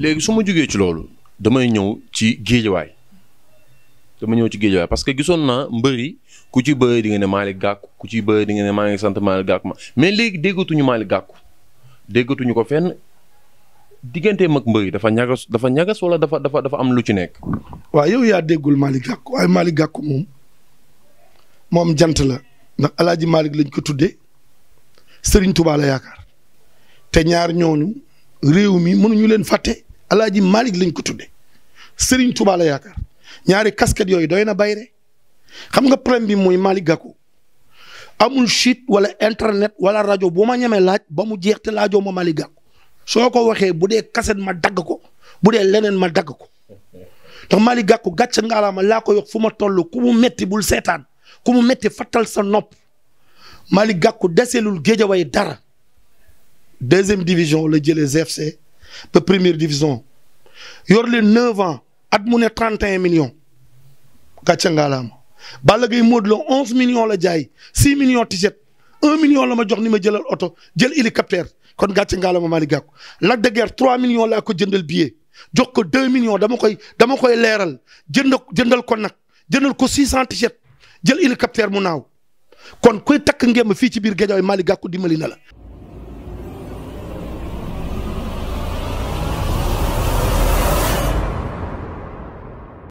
léegi su ma jógee ci loolu damay ñëw ci géejawaay dama ñëw ci géejawaay parce que gisoon naa mbëri ku ci ba di nga ne Malick Gakou ku ci bëri di nga ne maa ngi sant Malick Gakou ma mais léegi déggatuñu Malick Gakou déggatuñu ko fenn digganteem ak mbëri dafa ñagas dafa ñagas wala dafa dafa dafa am lu ci nekk. waaw yow yaa déggul Malick Gakou waaye Malick gàkku moom moom jant la ndax alaaji Hadj Malick lañ ko tuddee sëriñ tubaal la yaakaar te ñaar ñooñu réew mi mënuñu leen fàtte. alaaji Malick lañ ko tudde Serigne Touba la yaakaar ñaari kasket yooyu doy na bayre xam nga problème bi mooy Malick Gakou amul site wala internet wala rajo bu ma ñemee laaj ba mu jeex te laajoo ma Malick Gakou soo ko waxee bu dee cassette ma dagg ko bu dee leneen ma dagg ko ndax Malick Gakou gàcce nga alaama laa ko yox fu ma toll ku mu metti bul seetaan ku mu metti fattal sa nopp Malick Gakou deselul géejawaay dara deuxième division la jëlee GFC ba première division yor leen 9 ans at mu ne 31 millions gàcce ngaalaama Balla Gaye Modou Lo 11 millions la jaay 6 millions ticket 1 million la ma jox ni ma jëlal oto jël hélicoptère kon gàcce ngaalaama Malick Gakou Lac de Guiers 3 millions laa ko jëndal billet jox ko 2 million dama koy dama koy leeral jënd jëndal ko nag jëndal ko 600 ticket jël hélicoptère mu naaw kon kuy takk ngemb fii ci biir Guédiawaye Malick Gakou dimbali na la.